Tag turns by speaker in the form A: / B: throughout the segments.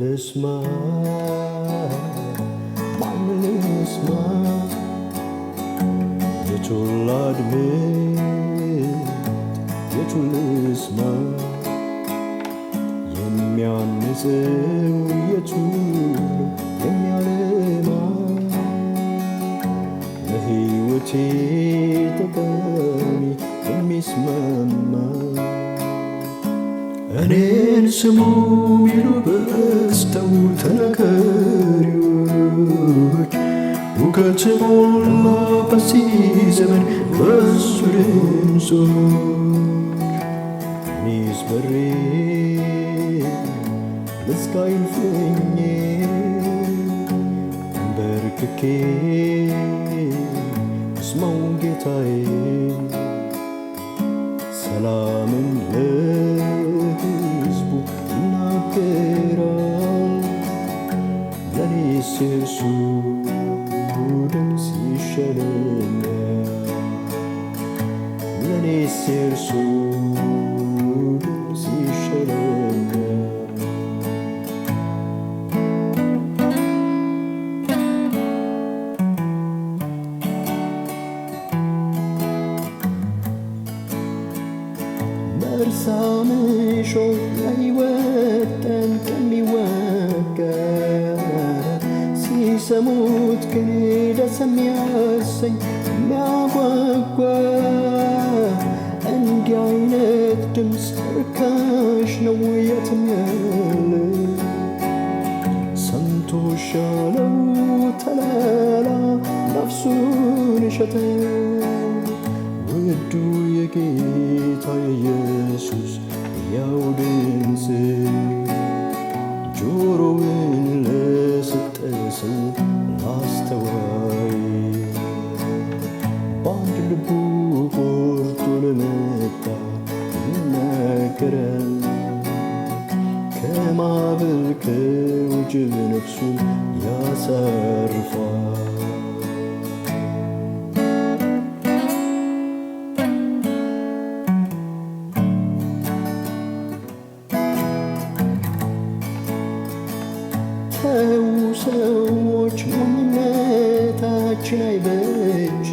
A: ልስማ ማምን ልስማ የቱን ላድምጥ የቱን ልስማ የሚያንጽው የቱ የሚያልማ ለሕይወቴ ጠቃሚ የሚስማማ እኔን ስሙ ሚሉ በስተው ተናጋሪዎች ሁከት ሞላ በዚህ ዘመን በሱ ድምፆች እኔስ በሬ ለስቃይን ፍኜ ተንበርክኬ እስማውን ጌታዬ ሰላምን ለ si surun si şerine Leni sir surun si şerine Dersamış ol meyvetten ሰሙት ግን ደስ የሚያሰኝ የሚያጓጓ እንዲህ አይነት ድምፅ እርካሽ ነው የትም ያለ ሰምቶ ሻለው ተላላ ነፍሱን ሸጠ ውዱ የጌታ ኢየሱስ ያው ድምፅ ራሱ አስተዋይ በአንድ ልቡ ቆርጦ ለመጣ ይመከራል። ከማዕበል ከወጀብ ነፍሱን ያሳርፋል። ሻይ በእጅ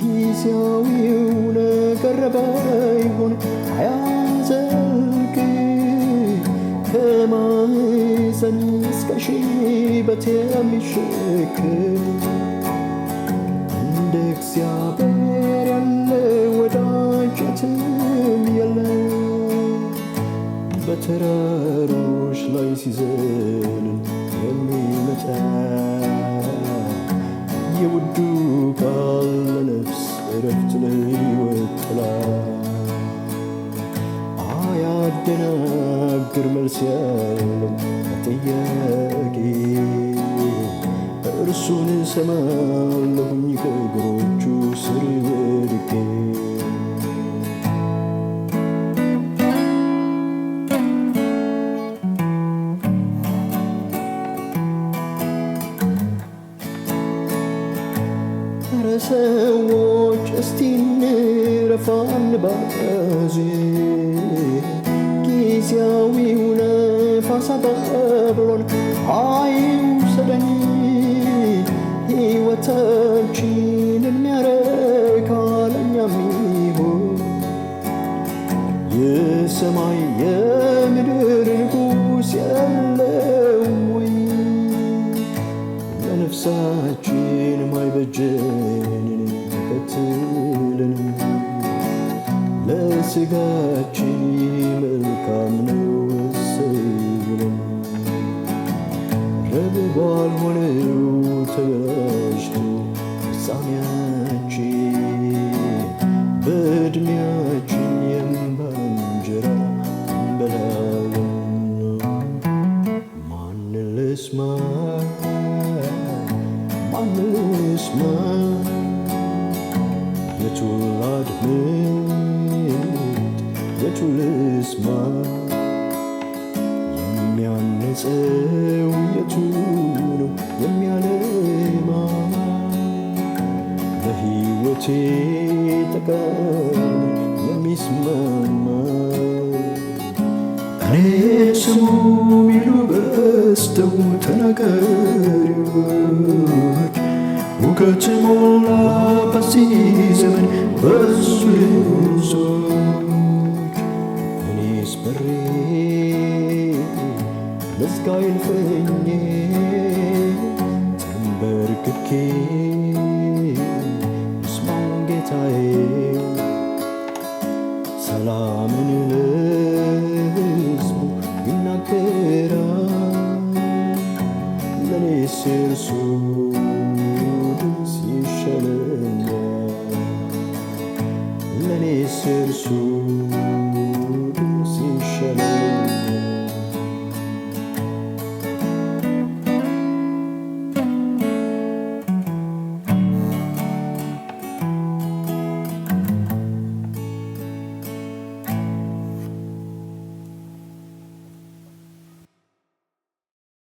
A: ጊዜያዊው ነገር ባይሆን አያዘልቅ ከማህፀን እስከ ሽበት የሚሸክም እንደ እግዚአብሔር ያለ ወዳጀትም የለም በተራሮች ላይ ሲዘልን የሚመጣ የውዱ ቃል ለነፍስ እረፍት ለሕይወት ጥላ አያደናግር መልስ ያለው ጥያቄ እርሱን ሰማለሁኝ ከእግሮቹ ስር ሰዎች እስቲ እንረፋን ባዜ ጊዜያዊው ነፋስ አጠብሎን አይውሰደን ሕይወታችንን የሚያረካ ለእኛም ይሆን የሰማይ የምድር ንጉሥ የለውም ወይ ለነፍሳ ያበጀን ይከትለን ለሥጋችን መልካም ነው ወሰብለን ረግቧል ሆነው ተበላሽቶ ፍጻሜያችን በዕድሜያችን የእምባ እንጀራ እንበላለን የቱን ላድምጥ የቱን የሚያነጸው የቱ ነው የሚያለማ ለሕይወቴ ጠቃሚ የሚስማማ እኔ ስሙ ሚሉ በስተው ተናጋሪዎች ሞላ በዚህ ዘመን በሱ ልብሶች እኔስ በሬ ለስጋዬን ፈኜ ተንበርክኬ ስማው ጌታዬ ሰላምን ለሕዝቡ እርሱ ser su